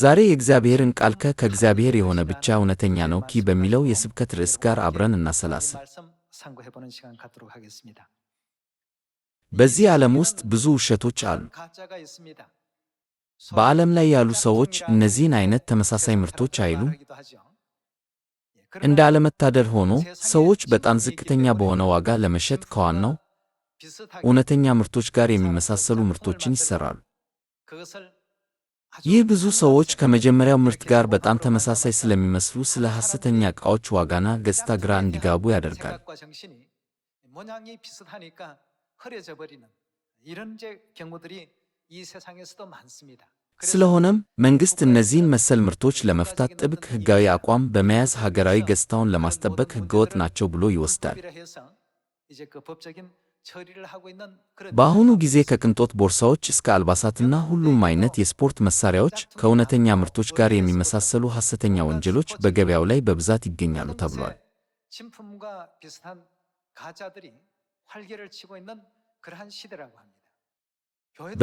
ዛሬ የእግዚአብሔርን ቃል ከ ከእግዚአብሔር የሆነ ብቻ እውነተኛ ነው ኪ በሚለው የስብከት ርዕስ ጋር አብረን እናሰላስል። በዚህ ዓለም ውስጥ ብዙ ውሸቶች አሉ። በዓለም ላይ ያሉ ሰዎች እነዚህን አይነት ተመሳሳይ ምርቶች አይሉም። እንደ አለመታደል ሆኖ ሰዎች በጣም ዝቅተኛ በሆነ ዋጋ ለመሸጥ ከዋናው እውነተኛ ምርቶች ጋር የሚመሳሰሉ ምርቶችን ይሠራሉ። ይህ ብዙ ሰዎች ከመጀመሪያው ምርት ጋር በጣም ተመሳሳይ ስለሚመስሉ ስለ ሐሰተኛ ዕቃዎች ዋጋና ገጽታ ግራ እንዲጋቡ ያደርጋል። ስለሆነም መንግሥት እነዚህን መሰል ምርቶች ለመፍታት ጥብቅ ሕጋዊ አቋም በመያዝ ሀገራዊ ገጽታውን ለማስጠበቅ ሕገወጥ ናቸው ብሎ ይወስዳል። በአሁኑ ጊዜ ከቅንጦት ቦርሳዎች እስከ አልባሳትና ሁሉም አይነት የስፖርት መሳሪያዎች ከእውነተኛ ምርቶች ጋር የሚመሳሰሉ ሐሰተኛ ወንጀሎች በገበያው ላይ በብዛት ይገኛሉ ተብሏል።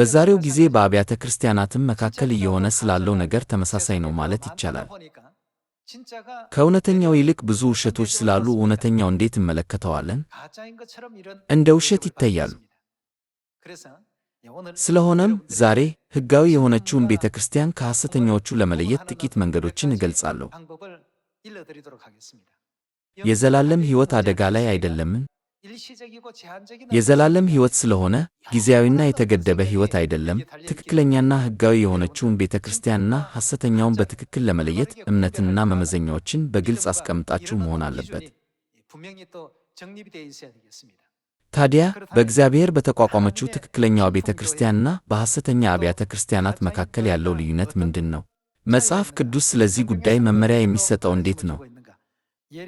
በዛሬው ጊዜ በአብያተ ክርስቲያናትም መካከል እየሆነ ስላለው ነገር ተመሳሳይ ነው ማለት ይቻላል። ከእውነተኛው ይልቅ ብዙ ውሸቶች ስላሉ እውነተኛው እንዴት እንመለከተዋለን? እንደ ውሸት ይታያሉ። ስለሆነም ዛሬ ሕጋዊ የሆነችውን ቤተ ክርስቲያን ከሐሰተኛዎቹ ለመለየት ጥቂት መንገዶችን እገልጻለሁ። የዘላለም ሕይወት አደጋ ላይ አይደለምን? የዘላለም ሕይወት ስለሆነ ጊዜያዊና የተገደበ ሕይወት አይደለም። ትክክለኛና ሕጋዊ የሆነችውን ቤተ ክርስቲያንና ሐሰተኛውን በትክክል ለመለየት እምነትንና መመዘኛዎችን በግልጽ አስቀምጣችሁ መሆን አለበት። ታዲያ በእግዚአብሔር በተቋቋመችው ትክክለኛዋ ቤተ ክርስቲያንና በሐሰተኛ አብያተ ክርስቲያናት መካከል ያለው ልዩነት ምንድን ነው? መጽሐፍ ቅዱስ ስለዚህ ጉዳይ መመሪያ የሚሰጠው እንዴት ነው?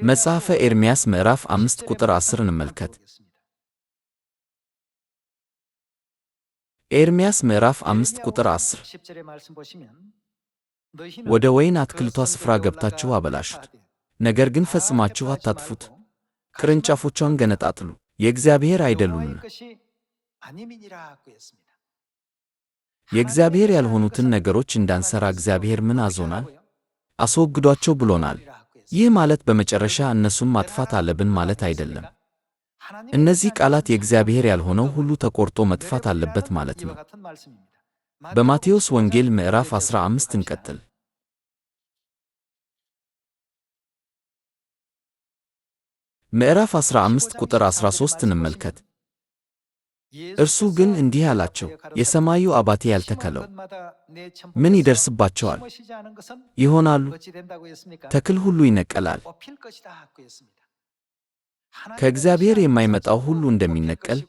መጽሐፈ ኤርምያስ ምዕራፍ አምስት ቁጥር ዐሥር እንመልከት። ኤርምያስ ምዕራፍ አምስት ቁጥር ዐሥር ወደ ወይን አትክልቷ ስፍራ ገብታችሁ አበላሹት፣ ነገር ግን ፈጽማችሁ አታጥፉት፣ ቅርንጫፎቿን ገነጣጥሉ፣ የእግዚአብሔር አይደሉምና። የእግዚአብሔር ያልሆኑትን ነገሮች እንዳንሠራ እግዚአብሔር ምን አዞናል? አስወግዷቸው ብሎናል። ይህ ማለት በመጨረሻ እነሱን ማጥፋት አለብን ማለት አይደለም። እነዚህ ቃላት የእግዚአብሔር ያልሆነው ሁሉ ተቆርጦ መጥፋት አለበት ማለት ነው። በማቴዎስ ወንጌል ምዕራፍ 15 እንቀጥል። ምዕራፍ 15 ቁጥር 13 እንመልከት። እርሱ ግን እንዲህ አላቸው፣ የሰማዩ አባቴ ያልተከለው ምን ይደርስባቸዋል? ይሆናሉ። ተክል ሁሉ ይነቀላል። ከእግዚአብሔር የማይመጣው ሁሉ እንደሚነቀል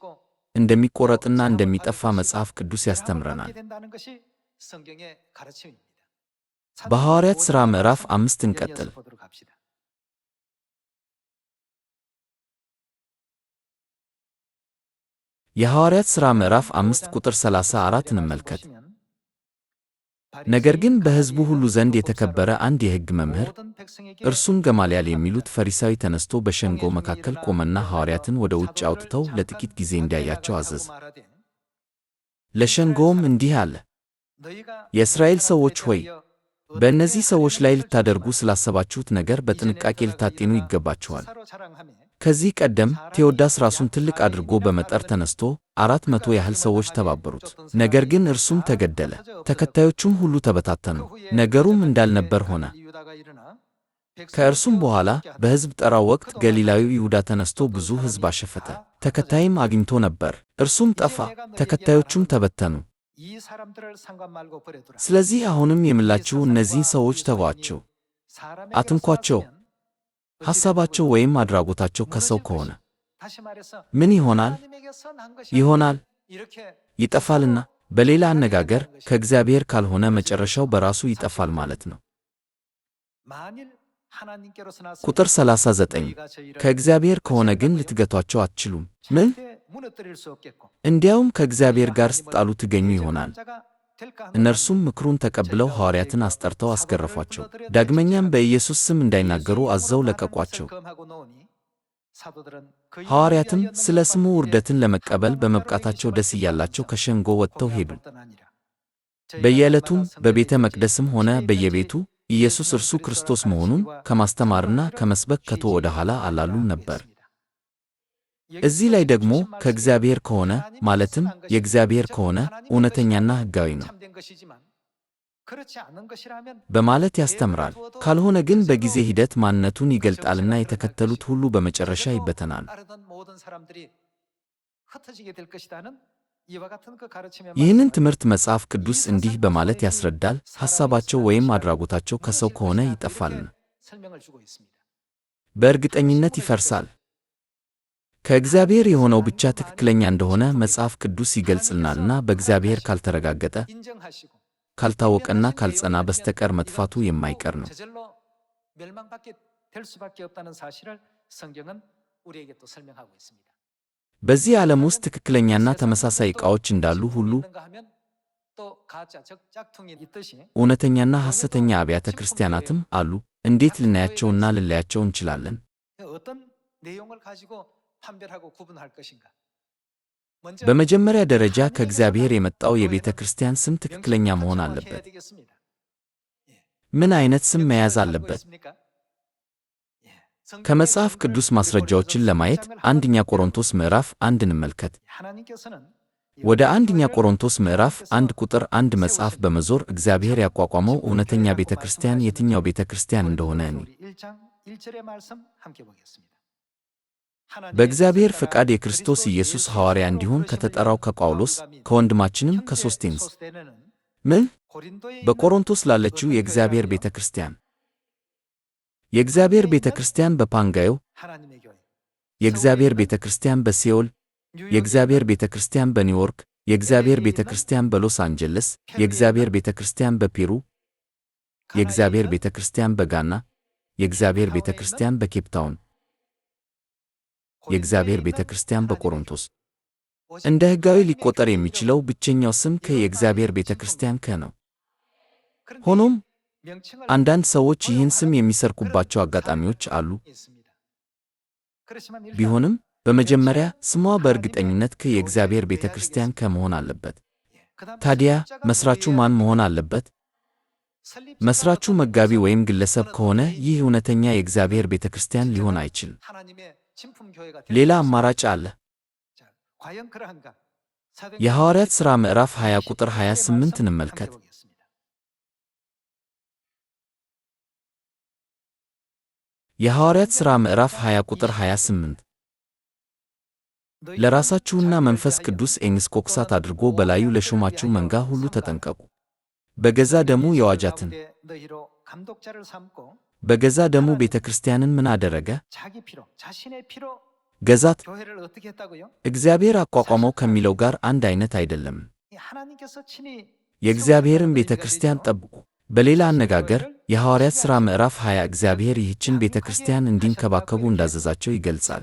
እንደሚቆረጥና እንደሚጠፋ መጽሐፍ ቅዱስ ያስተምረናል። በሐዋርያት ሥራ ምዕራፍ አምስት እንቀጥል። የሐዋርያት ሥራ ምዕራፍ አምስት ቁጥር 3 አራት እንመልከት። ነገር ግን በሕዝቡ ሁሉ ዘንድ የተከበረ አንድ የሕግ መምህር እርሱም ገማልያል የሚሉት ፈሪሳዊ ተነሥቶ በሸንጎ መካከል ቆመና ሐዋርያትን ወደ ውጭ አውጥተው ለጥቂት ጊዜ እንዲያያቸው አዘዘ። ለሸንጎውም እንዲህ አለ፣ የእስራኤል ሰዎች ሆይ በእነዚህ ሰዎች ላይ ልታደርጉ ስላሰባችሁት ነገር በጥንቃቄ ልታጤኑ ይገባችኋል። ከዚህ ቀደም ቴዎዳስ ራሱን ትልቅ አድርጎ በመጠር ተነስቶ አራት መቶ ያህል ሰዎች ተባበሩት። ነገር ግን እርሱም ተገደለ፣ ተከታዮቹም ሁሉ ተበታተኑ። ነገሩም እንዳልነበር ሆነ። ከእርሱም በኋላ በሕዝብ ጠራው ወቅት ገሊላዊው ይሁዳ ተነስቶ ብዙ ሕዝብ አሸፈተ፣ ተከታይም አግኝቶ ነበር። እርሱም ጠፋ፣ ተከታዮቹም ተበተኑ። ስለዚህ አሁንም የምላችሁ እነዚህን ሰዎች ተዋቸው፣ አትንኳቸው። ሐሳባቸው ወይም አድራጎታቸው ከሰው ከሆነ ምን ይሆናል? ይሆናል ይጠፋልና። በሌላ አነጋገር ከእግዚአብሔር ካልሆነ መጨረሻው በራሱ ይጠፋል ማለት ነው። ቁጥር 39 ከእግዚአብሔር ከሆነ ግን ልትገቷቸው አትችሉም። ምን? እንዲያውም ከእግዚአብሔር ጋር ስትጣሉ ትገኙ ይሆናል። እነርሱም ምክሩን ተቀብለው ሐዋርያትን አስጠርተው አስገረፏቸው። ዳግመኛም በኢየሱስ ስም እንዳይናገሩ አዘው ለቀቋቸው። ሐዋርያትም ስለ ስሙ ውርደትን ለመቀበል በመብቃታቸው ደስ እያላቸው ከሸንጎ ወጥተው ሄዱ። በየዕለቱም በቤተ መቅደስም ሆነ በየቤቱ ኢየሱስ እርሱ ክርስቶስ መሆኑን ከማስተማርና ከመስበክ ከቶ ወደ ኋላ አላሉም ነበር። እዚህ ላይ ደግሞ ከእግዚአብሔር ከሆነ ማለትም የእግዚአብሔር ከሆነ እውነተኛና ሕጋዊ ነው በማለት ያስተምራል። ካልሆነ ግን በጊዜ ሂደት ማንነቱን ይገልጣልና የተከተሉት ሁሉ በመጨረሻ ይበተናሉ። ይህንን ትምህርት መጽሐፍ ቅዱስ እንዲህ በማለት ያስረዳል። ሐሳባቸው ወይም አድራጎታቸው ከሰው ከሆነ ይጠፋልን፣ በእርግጠኝነት ይፈርሳል። ከእግዚአብሔር የሆነው ብቻ ትክክለኛ እንደሆነ መጽሐፍ ቅዱስ ይገልጽልናልና በእግዚአብሔር ካልተረጋገጠ ካልታወቀና ካልጸና በስተቀር መጥፋቱ የማይቀር ነው። በዚህ ዓለም ውስጥ ትክክለኛና ተመሳሳይ ዕቃዎች እንዳሉ ሁሉ እውነተኛና ሐሰተኛ አብያተ ክርስቲያናትም አሉ። እንዴት ልናያቸውና ልለያቸው እንችላለን? በመጀመሪያ ደረጃ ከእግዚአብሔር የመጣው የቤተ ክርስቲያን ስም ትክክለኛ መሆን አለበት። ምን አይነት ስም መያዝ አለበት? ከመጽሐፍ ቅዱስ ማስረጃዎችን ለማየት አንደኛ ቆሮንቶስ ምዕራፍ አንድ እንመልከት። ወደ አንደኛ ቆሮንቶስ ምዕራፍ አንድ ቁጥር አንድ መጽሐፍ በመዞር እግዚአብሔር ያቋቋመው እውነተኛ ቤተ ክርስቲያን የትኛው ቤተ ክርስቲያን እንደሆነ እኔ በእግዚአብሔር ፈቃድ የክርስቶስ ኢየሱስ ሐዋርያ እንዲሆን ከተጠራው ከጳውሎስ ከወንድማችንም ከሶስቴንስ ምን በቆሮንቶስ ላለችው የእግዚአብሔር ቤተ ክርስቲያን የእግዚአብሔር ቤተ ክርስቲያን በፓንጋዮ፣ የእግዚአብሔር ቤተ ክርስቲያን በሴኦል፣ የእግዚአብሔር ቤተ ክርስቲያን በኒውዮርክ፣ የእግዚአብሔር ቤተ ክርስቲያን በሎስ አንጀለስ፣ የእግዚአብሔር ቤተ ክርስቲያን በፔሩ፣ የእግዚአብሔር ቤተ ክርስቲያን በጋና፣ የእግዚአብሔር ቤተ ክርስቲያን በኬፕታውን የእግዚአብሔር ቤተ ክርስቲያን በቆሮንቶስ እንደ ሕጋዊ ሊቆጠር የሚችለው ብቸኛው ስም ከ የእግዚአብሔር ቤተ ክርስቲያን ከ ነው። ሆኖም አንዳንድ ሰዎች ይህን ስም የሚሰርኩባቸው አጋጣሚዎች አሉ። ቢሆንም በመጀመሪያ ስሟ በእርግጠኝነት ከ የእግዚአብሔር ቤተ ክርስቲያን ከ መሆን አለበት። ታዲያ መሥራቹ ማን መሆን አለበት? መሥራቹ መጋቢ ወይም ግለሰብ ከሆነ ይህ እውነተኛ የእግዚአብሔር ቤተ ክርስቲያን ሊሆን አይችልም። ሌላ አማራጭ አለ። የሐዋርያት ሥራ ምዕራፍ 20 ቁጥር 28 እንመልከት። የሐዋርያት ሥራ ምዕራፍ 20 ቁጥር 28 ለራሳችሁና መንፈስ ቅዱስ ኤጲስቆጶሳት አድርጎ በላዩ ለሾማችሁ መንጋ ሁሉ ተጠንቀቁ፣ በገዛ ደሙ የዋጃትን በገዛ ደሙ ቤተ ክርስቲያንን ምን አደረገ? ገዛት። እግዚአብሔር አቋቋመው ከሚለው ጋር አንድ አይነት አይደለም። የእግዚአብሔርን ቤተ ክርስቲያን ጠብቁ። በሌላ አነጋገር የሐዋርያት ሥራ ምዕራፍ 20 እግዚአብሔር ይህችን ቤተ ክርስቲያን እንዲንከባከቡ እንዳዘዛቸው ይገልጻል።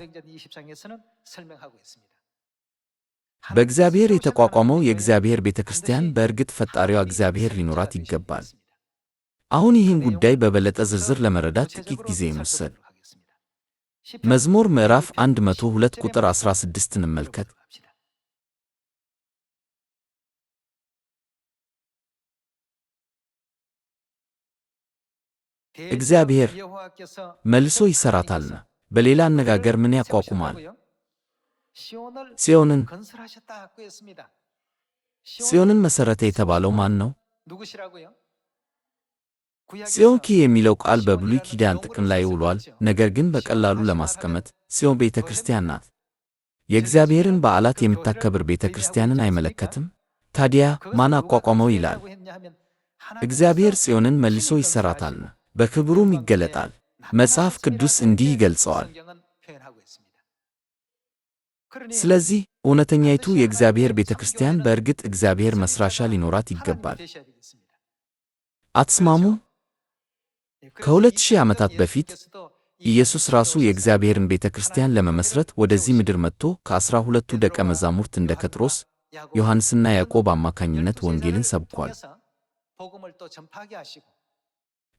በእግዚአብሔር የተቋቋመው የእግዚአብሔር ቤተ ክርስቲያን በእርግጥ ፈጣሪዋ እግዚአብሔር ሊኖራት ይገባል። አሁን ይህን ጉዳይ በበለጠ ዝርዝር ለመረዳት ጥቂት ጊዜ ይመስል መዝሙር ምዕራፍ 102 ቁጥር 16 እንመልከት። እግዚአብሔር መልሶ ይሠራታልና፣ በሌላ አነጋገር ምን ያቋቁማል? ጽዮንን ጽዮንን መሠረተ የተባለው ማን ነው? ጽዮን ኪ የሚለው ቃል በብሉይ ኪዳን ጥቅም ላይ ውሏል፣ ነገር ግን በቀላሉ ለማስቀመጥ ጽዮን ቤተ ክርስቲያን ናት። የእግዚአብሔርን በዓላት የምታከብር ቤተ ክርስቲያንን አይመለከትም። ታዲያ ማን አቋቋመው ይላል። እግዚአብሔር ጽዮንን መልሶ ይሠራታል፣ በክብሩም ይገለጣል። መጽሐፍ ቅዱስ እንዲህ ይገልጸዋል። ስለዚህ እውነተኛይቱ የእግዚአብሔር ቤተ ክርስቲያን በእርግጥ እግዚአብሔር መሥራሻ ሊኖራት ይገባል። አትስማሙ? ከሁለት ሺህ ዓመታት በፊት ኢየሱስ ራሱ የእግዚአብሔርን ቤተ ክርስቲያን ለመመስረት ወደዚህ ምድር መጥቶ ከዐሥራ ሁለቱ ደቀ መዛሙርት እንደ ጴጥሮስ፣ ዮሐንስና ያዕቆብ አማካኝነት ወንጌልን ሰብኳል።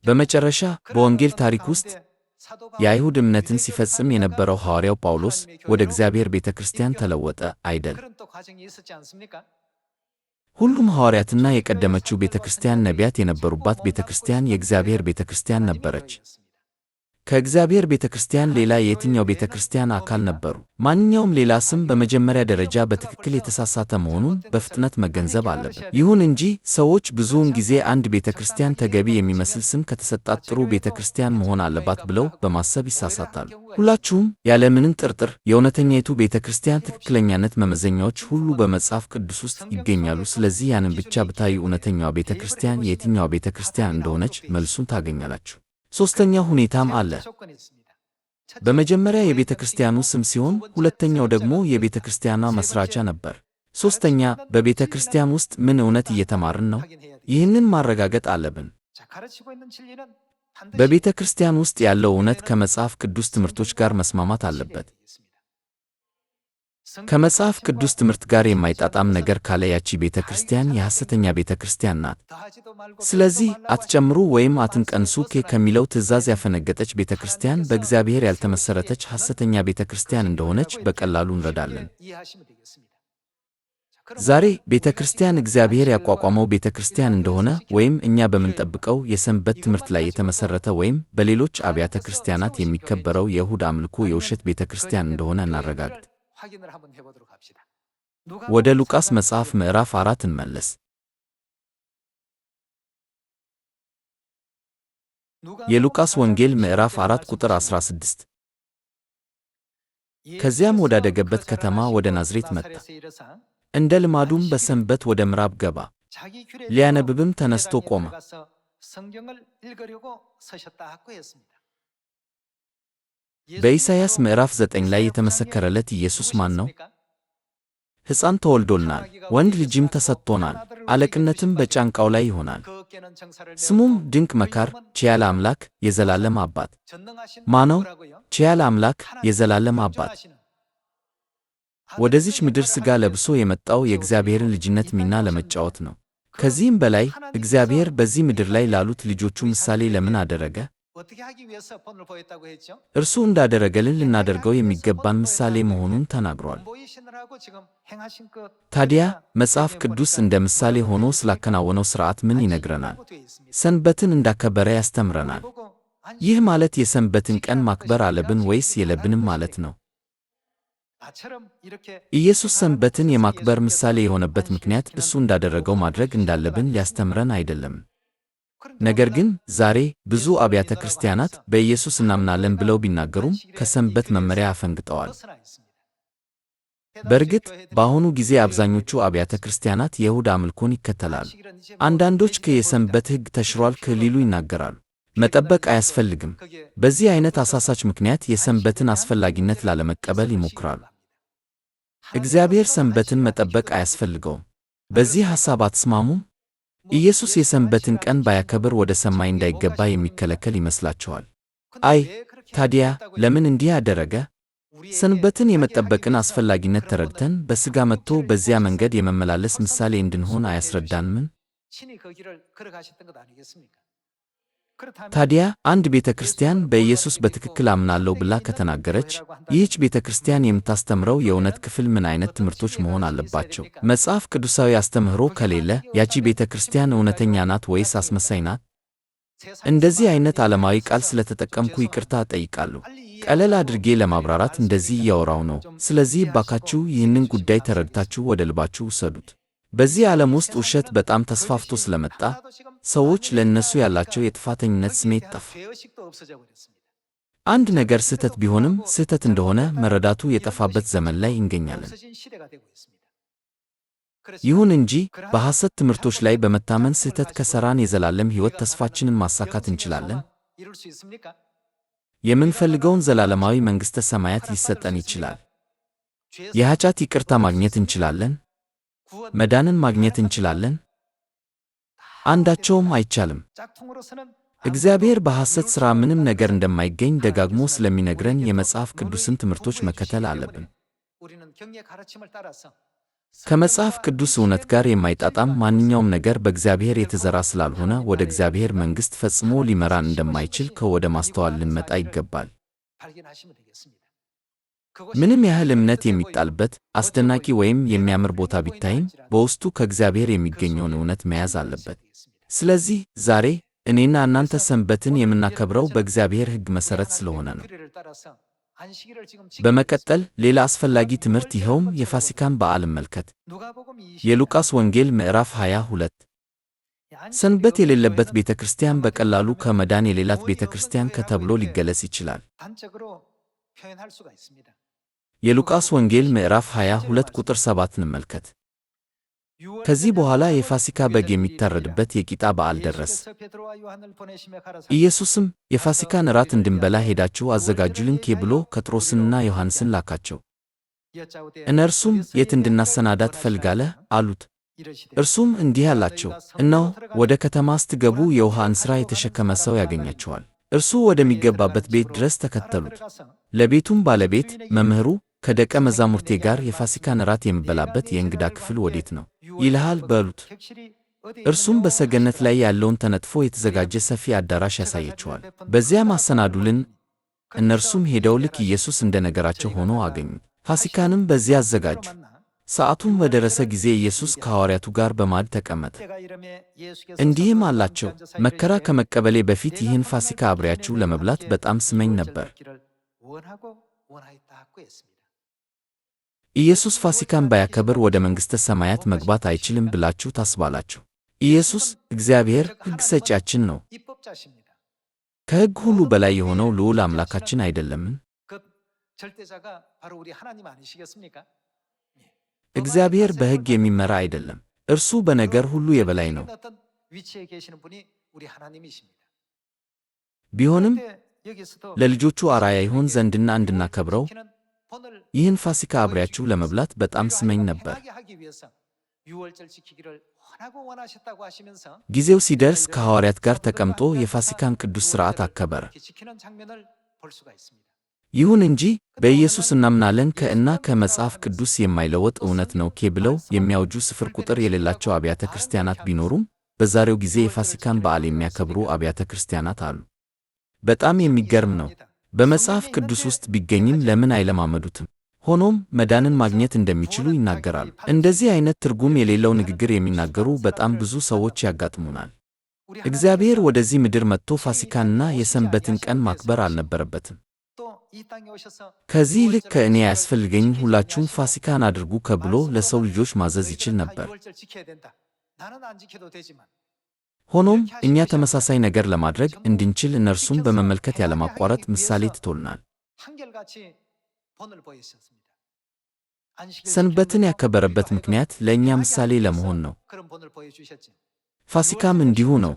በመጨረሻ በወንጌል ታሪክ ውስጥ የአይሁድ እምነትን ሲፈጽም የነበረው ሐዋርያው ጳውሎስ ወደ እግዚአብሔር ቤተ ክርስቲያን ተለወጠ አይደል? ሁሉም ሐዋርያትና የቀደመችው ቤተ ክርስቲያን ነቢያት የነበሩባት ቤተ ክርስቲያን የእግዚአብሔር ቤተ ክርስቲያን ነበረች። ከእግዚአብሔር ቤተ ክርስቲያን ሌላ የትኛው ቤተ ክርስቲያን አካል ነበሩ? ማንኛውም ሌላ ስም በመጀመሪያ ደረጃ በትክክል የተሳሳተ መሆኑን በፍጥነት መገንዘብ አለብን። ይሁን እንጂ ሰዎች ብዙውን ጊዜ አንድ ቤተ ክርስቲያን ተገቢ የሚመስል ስም ከተሰጣት ጥሩ ቤተ ክርስቲያን መሆን አለባት ብለው በማሰብ ይሳሳታሉ። ሁላችሁም ያለምንም ጥርጥር የእውነተኛይቱ ቤተ ክርስቲያን ትክክለኛነት መመዘኛዎች ሁሉ በመጽሐፍ ቅዱስ ውስጥ ይገኛሉ። ስለዚህ ያንን ብቻ ብታዩ እውነተኛዋ ቤተ ክርስቲያን የትኛዋ ቤተ ክርስቲያን እንደሆነች መልሱን ታገኛላችሁ። ሶስተኛ ሁኔታም አለ። በመጀመሪያ የቤተ ክርስቲያኑ ስም ሲሆን፣ ሁለተኛው ደግሞ የቤተ ክርስቲያኗ መሥራቻ ነበር። ሦስተኛ በቤተ ክርስቲያን ውስጥ ምን እውነት እየተማርን ነው? ይህንን ማረጋገጥ አለብን። በቤተ ክርስቲያን ውስጥ ያለው እውነት ከመጽሐፍ ቅዱስ ትምህርቶች ጋር መስማማት አለበት። ከመጽሐፍ ቅዱስ ትምህርት ጋር የማይጣጣም ነገር ካለ ያቺ ቤተ ክርስቲያን የሐሰተኛ ቤተ ክርስቲያን ናት። ስለዚህ አትጨምሩ ወይም አትንቀንሱ ከሚለው ትእዛዝ ያፈነገጠች ቤተ ክርስቲያን በእግዚአብሔር ያልተመሠረተች ሐሰተኛ ቤተ ክርስቲያን እንደሆነች በቀላሉ እንረዳለን። ዛሬ ቤተ ክርስቲያን እግዚአብሔር ያቋቋመው ቤተ ክርስቲያን እንደሆነ ወይም እኛ በምንጠብቀው የሰንበት ትምህርት ላይ የተመሠረተ ወይም በሌሎች አብያተ ክርስቲያናት የሚከበረው የእሁድ አምልኮ የውሸት ቤተ ክርስቲያን እንደሆነ እናረጋግጥ። ወደ ሉቃስ መጽሐፍ ምዕራፍ አራት እንመለስ። የሉቃስ ወንጌል ምዕራፍ 4 ቁጥር 16 ከዚያም ወዳደገበት ከተማ ወደ ናዝሬት መጣ። እንደ ልማዱም በሰንበት ወደ ምዕራብ ገባ። ሊያነብብም ተነስቶ ቆመ። በኢሳይያስ ምዕራፍ 9 ላይ የተመሰከረለት ኢየሱስ ማን ነው? ሕፃን ተወልዶልናል፣ ወንድ ልጅም ተሰጥቶናል፣ አለቅነትም በጫንቃው ላይ ይሆናል። ስሙም ድንቅ መካር፣ ቸያል አምላክ፣ የዘላለም አባት። ማነው ቸያል አምላክ፣ የዘላለም አባት? ወደዚች ምድር ሥጋ ለብሶ የመጣው የእግዚአብሔርን ልጅነት ሚና ለመጫወት ነው። ከዚህም በላይ እግዚአብሔር በዚህ ምድር ላይ ላሉት ልጆቹ ምሳሌ ለምን አደረገ? እርሱ እንዳደረገልን ልናደርገው የሚገባን ምሳሌ መሆኑን ተናግሯል። ታዲያ መጽሐፍ ቅዱስ እንደ ምሳሌ ሆኖ ስላከናወነው ሥርዓት ምን ይነግረናል? ሰንበትን እንዳከበረ ያስተምረናል። ይህ ማለት የሰንበትን ቀን ማክበር አለብን ወይስ የለብንም ማለት ነው? ኢየሱስ ሰንበትን የማክበር ምሳሌ የሆነበት ምክንያት እሱ እንዳደረገው ማድረግ እንዳለብን ሊያስተምረን አይደለም። ነገር ግን ዛሬ ብዙ አብያተ ክርስቲያናት በኢየሱስ እናምናለን ብለው ቢናገሩም ከሰንበት መመሪያ አፈንግጠዋል። በእርግጥ በአሁኑ ጊዜ አብዛኞቹ አብያተ ክርስቲያናት የይሁዳ አምልኮን ይከተላሉ። አንዳንዶች ከየሰንበት ሕግ ተሽሯል ከሊሉ ይናገራሉ። መጠበቅ አያስፈልግም። በዚህ ዐይነት አሳሳች ምክንያት የሰንበትን አስፈላጊነት ላለመቀበል ይሞክራሉ። እግዚአብሔር ሰንበትን መጠበቅ አያስፈልገውም። በዚህ ሐሳብ አትስማሙም? ኢየሱስ የሰንበትን ቀን ባያከብር ወደ ሰማይ እንዳይገባ የሚከለከል ይመስላችኋል? አይ ታዲያ ለምን እንዲህ አደረገ? ሰንበትን የመጠበቅን አስፈላጊነት ተረድተን በሥጋ መጥቶ በዚያ መንገድ የመመላለስ ምሳሌ እንድንሆን አያስረዳንምን? ታዲያ አንድ ቤተ ክርስቲያን በኢየሱስ በትክክል አምናለሁ ብላ ከተናገረች ይህች ቤተ ክርስቲያን የምታስተምረው የእውነት ክፍል ምን አይነት ትምህርቶች መሆን አለባቸው? መጽሐፍ ቅዱሳዊ አስተምህሮ ከሌለ ያቺ ቤተ ክርስቲያን እውነተኛ ናት ወይስ አስመሳይ ናት? እንደዚህ አይነት ዓለማዊ ቃል ስለተጠቀምኩ ይቅርታ ጠይቃለሁ። ቀለል አድርጌ ለማብራራት እንደዚህ እያወራው ነው። ስለዚህ ባካችሁ ይህንን ጉዳይ ተረድታችሁ ወደ ልባችሁ ውሰዱት። በዚህ ዓለም ውስጥ ውሸት በጣም ተስፋፍቶ ስለመጣ ሰዎች ለእነሱ ያላቸው የጥፋተኝነት ስሜት ጠፋ። አንድ ነገር ስህተት ቢሆንም ስህተት እንደሆነ መረዳቱ የጠፋበት ዘመን ላይ እንገኛለን። ይሁን እንጂ በሐሰት ትምህርቶች ላይ በመታመን ስህተት ከሠራን የዘላለም ሕይወት ተስፋችንን ማሳካት እንችላለን። የምንፈልገውን ዘላለማዊ መንግሥተ ሰማያት ሊሰጠን ይችላል። የኃጢአት ይቅርታ ማግኘት እንችላለን። መዳንን ማግኘት እንችላለን? አንዳቸውም አይቻልም። እግዚአብሔር በሐሰት ሥራ ምንም ነገር እንደማይገኝ ደጋግሞ ስለሚነግረን የመጽሐፍ ቅዱስን ትምህርቶች መከተል አለብን። ከመጽሐፍ ቅዱስ እውነት ጋር የማይጣጣም ማንኛውም ነገር በእግዚአብሔር የተዘራ ስላልሆነ ወደ እግዚአብሔር መንግሥት ፈጽሞ ሊመራን እንደማይችል ከወደ ማስተዋል ልንመጣ ይገባል። ምንም ያህል እምነት የሚጣልበት አስደናቂ ወይም የሚያምር ቦታ ቢታይም በውስጡ ከእግዚአብሔር የሚገኘውን እውነት መያዝ አለበት። ስለዚህ ዛሬ እኔና እናንተ ሰንበትን የምናከብረው በእግዚአብሔር ሕግ መሠረት ስለሆነ ነው። በመቀጠል ሌላ አስፈላጊ ትምህርት ይኸውም የፋሲካን በዓል መልከት። የሉቃስ ወንጌል ምዕራፍ 22 ሰንበት የሌለበት ቤተ ክርስቲያን በቀላሉ ከመዳን የሌላት ቤተ ክርስቲያን ከተብሎ ሊገለጽ ይችላል። የሉቃስ ወንጌል ምዕራፍ 22 ቁጥር 7 እንመልከት። ከዚህ በኋላ የፋሲካ በግ የሚታረድበት የቂጣ በዓል ደረስ። ኢየሱስም የፋሲካን እራት እንድንበላ ሄዳችሁ አዘጋጁልን ብሎ ጴጥሮስንና ዮሐንስን ላካቸው። እነርሱም የት እንድናሰናዳ ትፈልጋለህ? አሉት። እርሱም እንዲህ አላቸው፣ እነሆ ወደ ከተማ ስትገቡ የውሃ እንስራ የተሸከመ ሰው ያገኛችኋል። እርሱ ወደሚገባበት ቤት ድረስ ተከተሉት። ለቤቱም ባለቤት መምህሩ ከደቀ መዛሙርቴ ጋር የፋሲካን እራት የምበላበት የእንግዳ ክፍል ወዴት ነው ይልሃል በሉት። እርሱም በሰገነት ላይ ያለውን ተነጥፎ የተዘጋጀ ሰፊ አዳራሽ ያሳያቸዋል። በዚያም አሰናዱልን። እነርሱም ሄደው ልክ ኢየሱስ እንደ ነገራቸው ሆኖ አገኙ። ፋሲካንም በዚያ አዘጋጁ። ሰዓቱም በደረሰ ጊዜ ኢየሱስ ከሐዋርያቱ ጋር በማዕድ ተቀመጠ። እንዲህም አላቸው፣ መከራ ከመቀበሌ በፊት ይህን ፋሲካ አብሬያችሁ ለመብላት በጣም ስመኝ ነበር። ኢየሱስ ፋሲካን ባያከብር ወደ መንግሥተ ሰማያት መግባት አይችልም ብላችሁ ታስባላችሁ? ኢየሱስ እግዚአብሔር ሕግ ሰጪያችን ነው። ከሕግ ሁሉ በላይ የሆነው ልዑል አምላካችን አይደለምን? እግዚአብሔር በሕግ የሚመራ አይደለም። እርሱ በነገር ሁሉ የበላይ ነው። ቢሆንም ለልጆቹ አራያ ይሆን ዘንድና እንድናከብረው ይህን ፋሲካ አብሬያችሁ ለመብላት በጣም ስመኝ ነበር። ጊዜው ሲደርስ ከሐዋርያት ጋር ተቀምጦ የፋሲካን ቅዱስ ሥርዓት አከበረ። ይሁን እንጂ በኢየሱስ እናምናለን ከእና ከመጽሐፍ ቅዱስ የማይለወጥ እውነት ነው ኬ ብለው የሚያውጁ ስፍር ቁጥር የሌላቸው አብያተ ክርስቲያናት ቢኖሩም በዛሬው ጊዜ የፋሲካን በዓል የሚያከብሩ አብያተ ክርስቲያናት አሉ። በጣም የሚገርም ነው። በመጽሐፍ ቅዱስ ውስጥ ቢገኝም ለምን አይለማመዱትም? ሆኖም መዳንን ማግኘት እንደሚችሉ ይናገራሉ። እንደዚህ አይነት ትርጉም የሌለው ንግግር የሚናገሩ በጣም ብዙ ሰዎች ያጋጥሙናል። እግዚአብሔር ወደዚህ ምድር መጥቶ ፋሲካንና የሰንበትን ቀን ማክበር አልነበረበትም። ከዚህ ይልቅ ከእኔ አያስፈልገኝም፣ ሁላችሁም ፋሲካን አድርጉ ከብሎ ለሰው ልጆች ማዘዝ ይችል ነበር። ሆኖም እኛ ተመሳሳይ ነገር ለማድረግ እንድንችል እነርሱም በመመልከት ያለማቋረጥ ምሳሌ ትቶልናል። ሰንበትን ያከበረበት ምክንያት ለእኛ ምሳሌ ለመሆን ነው። ፋሲካም እንዲሁ ነው።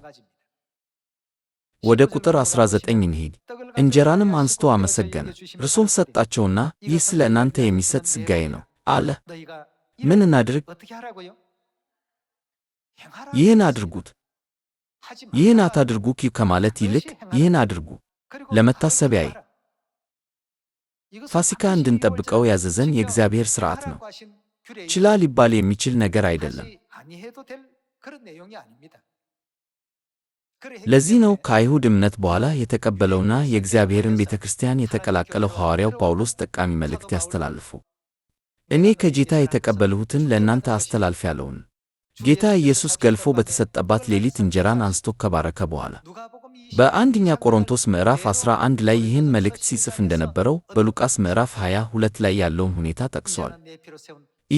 ወደ ቁጥር 19 እንሂድ። እንጀራንም አንስቶ አመሰገነ፣ እርሱም ሰጣቸውና ይህ ስለ እናንተ የሚሰጥ ሥጋዬ ነው አለ። ምን እናድርግ? ይህን አድርጉት፣ ይህን አታድርጉ ከማለት ይልቅ ይህን አድርጉ ለመታሰቢያዬ ፋሲካ እንድንጠብቀው ያዘዘን የእግዚአብሔር ሥርዓት ነው። ችላ ሊባል የሚችል ነገር አይደለም። ለዚህ ነው ከአይሁድ እምነት በኋላ የተቀበለውና የእግዚአብሔርን ቤተ ክርስቲያን የተቀላቀለው ሐዋርያው ጳውሎስ ጠቃሚ መልእክት ያስተላልፉ። እኔ ከጌታ የተቀበልሁትን ለእናንተ ያለውን ጌታ ኢየሱስ ገልፎ በተሰጠባት ሌሊት እንጀራን አንስቶ ከባረከ በኋላ በአንደኛ ቆሮንቶስ ምዕራፍ 11 ላይ ይህን መልእክት ሲጽፍ እንደነበረው በሉቃስ ምዕራፍ 22 ላይ ያለውን ሁኔታ ጠቅሷል።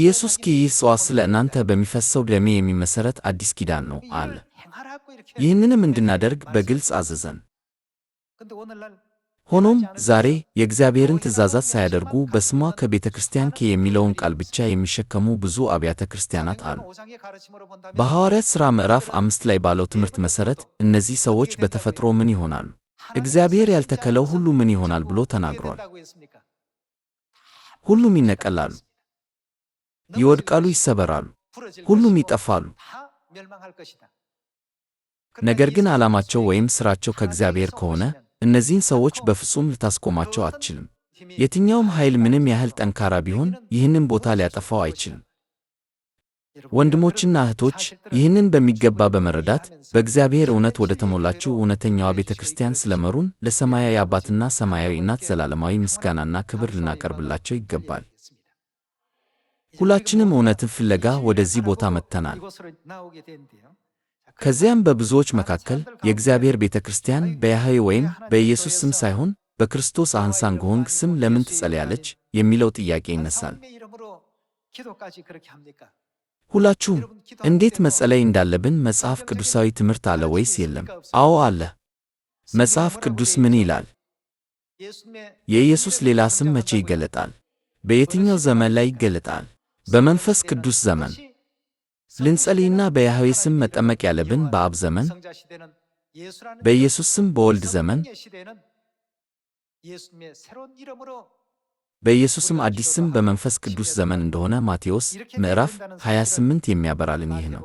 ኢየሱስ ይህ ጽዋ ስለ እናንተ በሚፈሰው ደሜ የሚመሠረት አዲስ ኪዳን ነው አለ። ይህንንም እንድናደርግ በግልጽ አዘዘን። ሆኖም ዛሬ የእግዚአብሔርን ትእዛዛት ሳያደርጉ በስሟ ከቤተ ክርስቲያን ከ የሚለውን ቃል ብቻ የሚሸከሙ ብዙ አብያተ ክርስቲያናት አሉ። በሐዋርያት ሥራ ምዕራፍ አምስት ላይ ባለው ትምህርት መሠረት እነዚህ ሰዎች በተፈጥሮ ምን ይሆናሉ? እግዚአብሔር ያልተከለው ሁሉ ምን ይሆናል ብሎ ተናግሯል። ሁሉም ይነቀላሉ፣ ይወድቃሉ፣ ይሰበራሉ፣ ሁሉም ይጠፋሉ። ነገር ግን ዓላማቸው ወይም ሥራቸው ከእግዚአብሔር ከሆነ እነዚህን ሰዎች በፍጹም ልታስቆማቸው አትችልም። የትኛውም ኃይል ምንም ያህል ጠንካራ ቢሆን ይህንን ቦታ ሊያጠፋው አይችልም። ወንድሞችና እህቶች ይህንን በሚገባ በመረዳት በእግዚአብሔር እውነት ወደ ተሞላችው እውነተኛዋ ቤተ ክርስቲያን ስለመሩን ለሰማያዊ አባትና ሰማያዊ እናት ዘላለማዊ ምስጋናና ክብር ልናቀርብላቸው ይገባል። ሁላችንም እውነትን ፍለጋ ወደዚህ ቦታ መጥተናል። ከዚያም በብዙዎች መካከል የእግዚአብሔር ቤተ ክርስቲያን በያህዌ ወይም በኢየሱስ ስም ሳይሆን በክርስቶስ አህንሳንግሆንግ ስም ለምን ትጸልያለች የሚለው ጥያቄ ይነሳል። ሁላችሁም እንዴት መጸለይ እንዳለብን መጽሐፍ ቅዱሳዊ ትምህርት አለ ወይስ የለም? አዎ አለ። መጽሐፍ ቅዱስ ምን ይላል? የኢየሱስ ሌላ ስም መቼ ይገለጣል? በየትኛው ዘመን ላይ ይገለጣል? በመንፈስ ቅዱስ ዘመን ልንጸልይና በያህዌ ስም መጠመቅ ያለብን በአብ ዘመን፣ በኢየሱስ ስም በወልድ ዘመን፣ በኢየሱስም አዲስ ስም በመንፈስ ቅዱስ ዘመን እንደሆነ ማቴዎስ ምዕራፍ 28 የሚያበራልን ይህ ነው።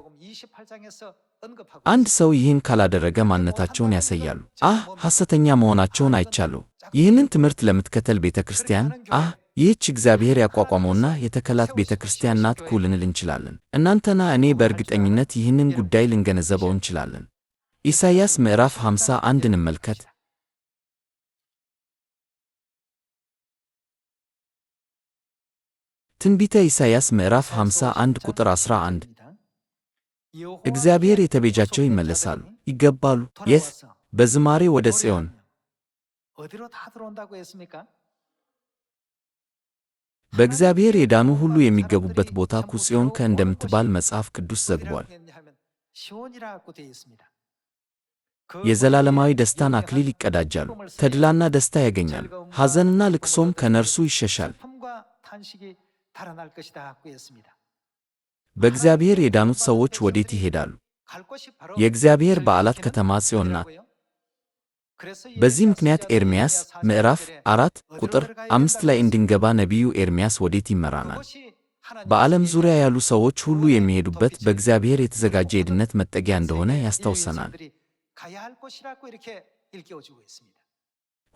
አንድ ሰው ይህን ካላደረገ ማንነታቸውን ያሳያሉ። አህ ሐሰተኛ መሆናቸውን አይቻሉ። ይህንን ትምህርት ለምትከተል ቤተ ክርስቲያን አህ ይህች እግዚአብሔር ያቋቋመውና የተከላት ቤተ ክርስቲያን ናት ኩልንል እንችላለን። እናንተና እኔ በእርግጠኝነት ይህንን ጉዳይ ልንገነዘበው እንችላለን። ኢሳይያስ ምዕራፍ 51 እንመልከት። ትንቢተ ኢሳይያስ ምዕራፍ 51 ቁጥር 11 እግዚአብሔር የተቤጃቸው ይመለሳሉ ይገባሉ የት በዝማሬ ወደ ጽዮን በእግዚአብሔር የዳኑ ሁሉ የሚገቡበት ቦታ ኩጽዮን ከእንደምትባል መጽሐፍ ቅዱስ ዘግቧል። የዘላለማዊ ደስታን አክሊል ይቀዳጃሉ። ተድላና ደስታ ያገኛሉ። ሐዘንና ልቅሶም ከነርሱ ይሸሻል። በእግዚአብሔር የዳኑት ሰዎች ወዴት ይሄዳሉ? የእግዚአብሔር በዓላት ከተማ ጽዮን ናት። በዚህ ምክንያት ኤርምያስ ምዕራፍ አራት ቁጥር አምስት ላይ እንድንገባ ነቢዩ ኤርምያስ ወዴት ይመራናል? በዓለም ዙሪያ ያሉ ሰዎች ሁሉ የሚሄዱበት በእግዚአብሔር የተዘጋጀ የድነት መጠጊያ እንደሆነ ያስታውሰናል።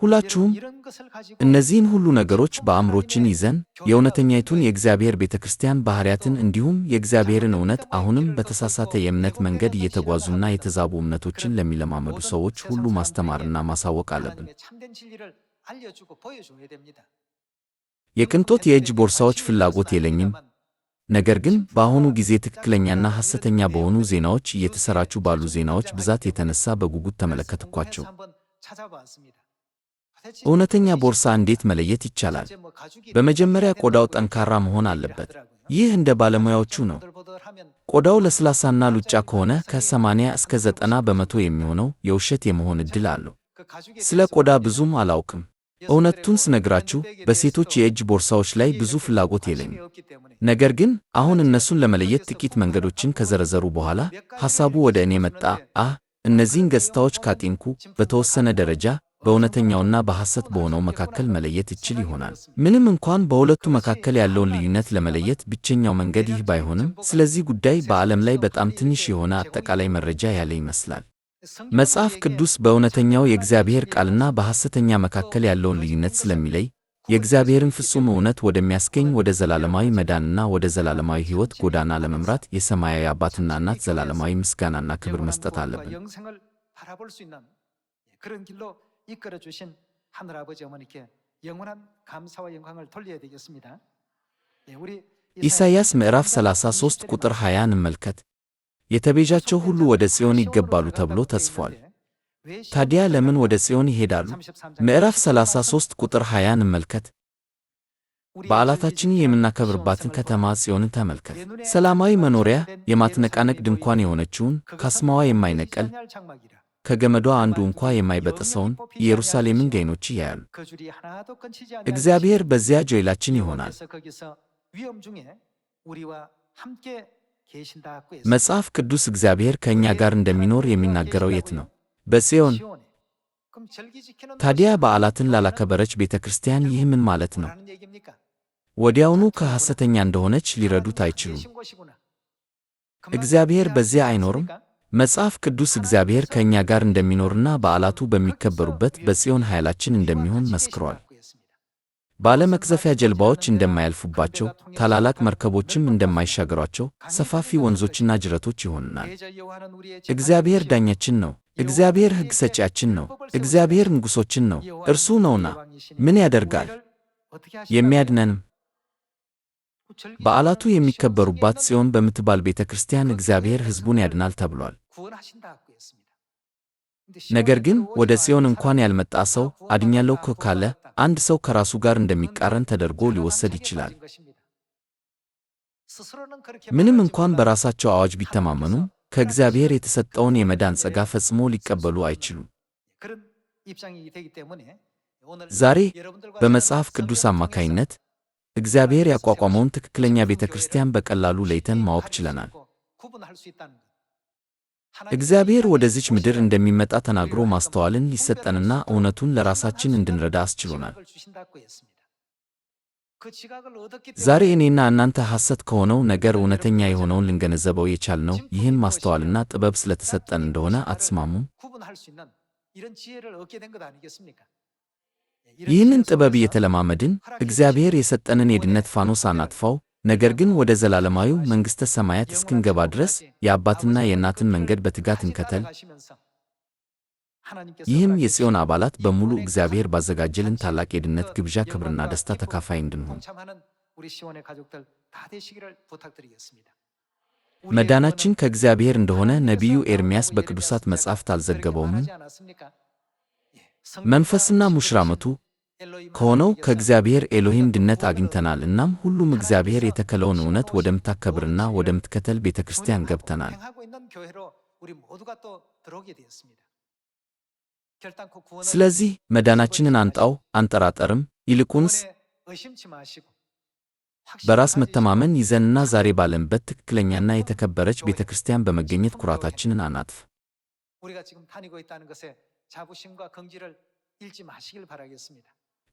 ሁላችሁም እነዚህን ሁሉ ነገሮች በአእምሮችን ይዘን የእውነተኛይቱን የእግዚአብሔር ቤተ ክርስቲያን ባሕርያትን እንዲሁም የእግዚአብሔርን እውነት አሁንም በተሳሳተ የእምነት መንገድ እየተጓዙና የተዛቡ እምነቶችን ለሚለማመዱ ሰዎች ሁሉ ማስተማርና ማሳወቅ አለብን። የቅንጦት የእጅ ቦርሳዎች ፍላጎት የለኝም። ነገር ግን በአሁኑ ጊዜ ትክክለኛና ሐሰተኛ በሆኑ ዜናዎች እየተሰራጩ ባሉ ዜናዎች ብዛት የተነሳ በጉጉት ተመለከትኳቸው። እውነተኛ ቦርሳ እንዴት መለየት ይቻላል? በመጀመሪያ ቆዳው ጠንካራ መሆን አለበት። ይህ እንደ ባለሙያዎቹ ነው። ቆዳው ለስላሳና ሉጫ ከሆነ ከ80 እስከ 90 በመቶ የሚሆነው የውሸት የመሆን ዕድል አለው። ስለ ቆዳ ብዙም አላውቅም። እውነቱን ስነግራችሁ በሴቶች የእጅ ቦርሳዎች ላይ ብዙ ፍላጎት የለኝም። ነገር ግን አሁን እነሱን ለመለየት ጥቂት መንገዶችን ከዘረዘሩ በኋላ ሐሳቡ ወደ እኔ መጣ። አህ እነዚህን ገጽታዎች ካጤንኩ በተወሰነ ደረጃ በእውነተኛውና በሐሰት በሆነው መካከል መለየት ይችል ይሆናል። ምንም እንኳን በሁለቱ መካከል ያለውን ልዩነት ለመለየት ብቸኛው መንገድ ይህ ባይሆንም፣ ስለዚህ ጉዳይ በዓለም ላይ በጣም ትንሽ የሆነ አጠቃላይ መረጃ ያለ ይመስላል። መጽሐፍ ቅዱስ በእውነተኛው የእግዚአብሔር ቃልና በሐሰተኛ መካከል ያለውን ልዩነት ስለሚለይ የእግዚአብሔርን ፍጹም እውነት ወደሚያስገኝ ወደ ዘላለማዊ መዳንና ወደ ዘላለማዊ ሕይወት ጎዳና ለመምራት የሰማያዊ አባትና እናት ዘላለማዊ ምስጋናና ክብር መስጠት አለብን። 이끌어 주신 하늘아버지 어머니께 영원한 감사와 영광을 돌려야 되겠습니다. 네, 우리 ኢሳይያስ ምዕራፍ 33 ቁጥር 20 እንመልከት። የተቤዣቸው ሁሉ ወደ ጽዮን ይገባሉ ተብሎ ተጽፏል። ታዲያ ለምን ወደ ጽዮን ይሄዳሉ? ምዕራፍ 33 ቁጥር 20 እንመልከት። በዓላታችን የምናከብርባትን ከተማ ጽዮንን ተመልከት። ሰላማዊ መኖሪያ፣ የማትነቃነቅ ድንኳን የሆነችውን ካስማዋ የማይነቀል ከገመዷ አንዱ እንኳ የማይበጥሰውን ኢየሩሳሌምን ገይኖች ያያሉ። እግዚአብሔር በዚያ ጆይላችን ይሆናል። መጽሐፍ ቅዱስ እግዚአብሔር ከእኛ ጋር እንደሚኖር የሚናገረው የት ነው? በጽዮን። ታዲያ በዓላትን ላላከበረች ቤተ ክርስቲያን ይህ ምን ማለት ነው? ወዲያውኑ ከሐሰተኛ እንደሆነች ሊረዱት አይችሉም። እግዚአብሔር በዚያ አይኖርም። መጽሐፍ ቅዱስ እግዚአብሔር ከእኛ ጋር እንደሚኖርና በዓላቱ በሚከበሩበት በጽዮን ኃይላችን እንደሚሆን መስክሯል። ባለመክዘፊያ ጀልባዎች እንደማያልፉባቸው፣ ታላላቅ መርከቦችም እንደማይሻገሯቸው ሰፋፊ ወንዞችና ጅረቶች ይሆንናል። እግዚአብሔር ዳኛችን ነው። እግዚአብሔር ሕግ ሰጪያችን ነው። እግዚአብሔር ንጉሶችን ነው። እርሱ ነውና ምን ያደርጋል? የሚያድነንም በዓላቱ የሚከበሩባት ጽዮን በምትባል ቤተ ክርስቲያን እግዚአብሔር ሕዝቡን ያድናል ተብሏል። ነገር ግን ወደ ጽዮን እንኳን ያልመጣ ሰው አድኛለሁ ካለ አንድ ሰው ከራሱ ጋር እንደሚቃረን ተደርጎ ሊወሰድ ይችላል። ምንም እንኳን በራሳቸው አዋጅ ቢተማመኑም ከእግዚአብሔር የተሰጠውን የመዳን ጸጋ ፈጽሞ ሊቀበሉ አይችሉም። ዛሬ በመጽሐፍ ቅዱስ አማካይነት እግዚአብሔር ያቋቋመውን ትክክለኛ ቤተ ክርስቲያን በቀላሉ ለይተን ማወቅ ችለናል። እግዚአብሔር ወደዚች ምድር እንደሚመጣ ተናግሮ ማስተዋልን ይሰጠንና እውነቱን ለራሳችን እንድንረዳ አስችሎናል። ዛሬ እኔና እናንተ ሐሰት ከሆነው ነገር እውነተኛ የሆነውን ልንገነዘበው የቻልነው ይህን ማስተዋልና ጥበብ ስለተሰጠን እንደሆነ አትስማሙም? ይህንን ጥበብ እየተለማመድን እግዚአብሔር የሰጠንን የድነት ፋኖስ አናጥፋው፣ ነገር ግን ወደ ዘላለማዊው መንግሥተ ሰማያት እስክንገባ ድረስ የአባትና የእናትን መንገድ በትጋት እንከተል። ይህም የጽዮን አባላት በሙሉ እግዚአብሔር ባዘጋጀልን ታላቅ የድነት ግብዣ ክብርና ደስታ ተካፋይ እንድንሆን መዳናችን ከእግዚአብሔር እንደሆነ ነቢዩ ኤርምያስ በቅዱሳት መጻሕፍት አልዘገበውም? መንፈስና ሙሽራመቱ ከሆነው ከእግዚአብሔር ኤሎሂም ድነት አግኝተናል። እናም ሁሉም እግዚአብሔር የተከለውን እውነት ወደምታከብርና ወደምትከተል ቤተ ክርስቲያን ገብተናል። ስለዚህ መዳናችንን አንጣው አንጠራጠርም፣ ይልቁንስ በራስ መተማመን ይዘንና ዛሬ ባለንበት ትክክለኛና የተከበረች ቤተ ክርስቲያን በመገኘት ኩራታችንን አናጥፍ። 우리가 지금 다니고 있다는 것에 자부심과 긍지를 잃지 마시길 바라겠습니다.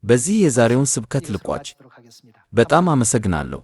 በዚህ የዛሬውን ስብከት ልቋጭ። በጣም አመሰግናለሁ።